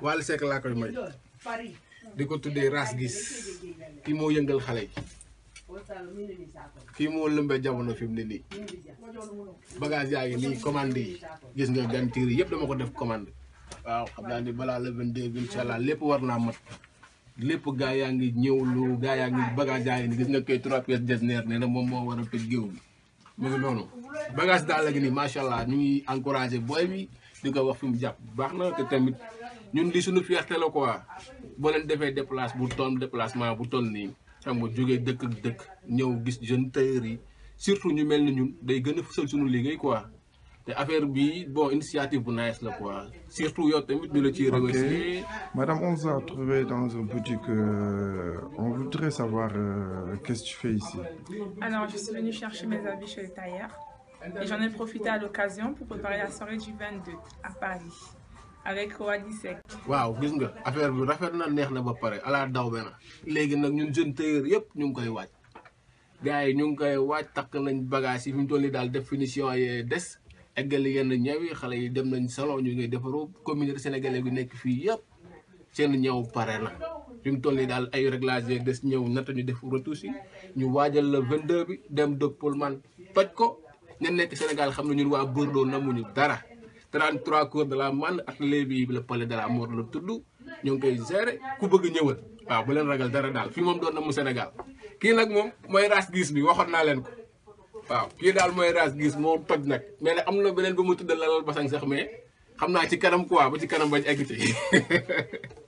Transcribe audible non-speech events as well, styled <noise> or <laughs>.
Wally Seck laa koy may di ko tuddee ras gis kii moo yëngal xale yi kii moo lëmbee jamono fi mu ne nii bagage yaa ngi nii commande yi gis nga gantiir yi yëpp dama ko def commande waaw xam naa ni balaa le 22 incha allah lépp war naa mat lépp gaa yaa ngi ñëwlu gaa yaa ngi bagage yaa ngi nii gis nga koy trois pièces desner nee na moom moo war a tëj géew bi mu ngi noonu bagage daal la ngi nii macha allah ñu ngi encouragé booy bi di ko wax fi mu jàpp baax na te tamit ñun li suñu fierté la quoi boo leen defee déplacer, bu toll déplacement bu toll nii xam nga jógee dëkk ak dëkk ñëw gis jeune tailleur surtout ñu mel ni ñun day gën a fësal suñu liggéey quoi te affaire bi bon initiative bu nice la quoi surtout yow tamit ñu la ciy remercier. Madame, on vous trouvé dans un boutique. Euh, on voudrait savoir euh, qu'est-ce que tu fais ici. Alors, je suis venue chercher mes habits chez le tailleur et j'en ai profité à l'occasion pour préparer la soirée du 22 à Paris avec Wally Seck. waaw gis nga affaire bi rafet na neex na ba paré ala daw be na léegi ñun jeune tailleur yépp ñu ngi koy waaj Gaay yi ñu ngi koy waaj tak nañ bagage yi fi mu toll nii daal def finition yee des yenn ñëw yi xale yi dem nañ salon ñu ngi defaroo communauté sénégalaise bi nekk fi yépp seen ñëw paré na fi tolli dal ay réglage yeeg des ñëw natt ñu def retouches yi ñu waajal le 22 bi dem dëkk Pullman toj ko. ñan nekk sénégal xam na ñun waa burdo namuñu dara 33 cours de la man atelier bi le palais de la mort la tudd ñu koy géré ku bëgg ñëwal waaw ah, bu leen ragal dara daal fi moom doon namu sénégal kii nag moom mooy ras gis bi waxoon naa leen ko waaw ah, kii daal mooy ras gis moo toj nag mais ne am na bu mu tudd lalal basang sax mais xam ci kanam quoi ba ci kanam bañ agité <laughs>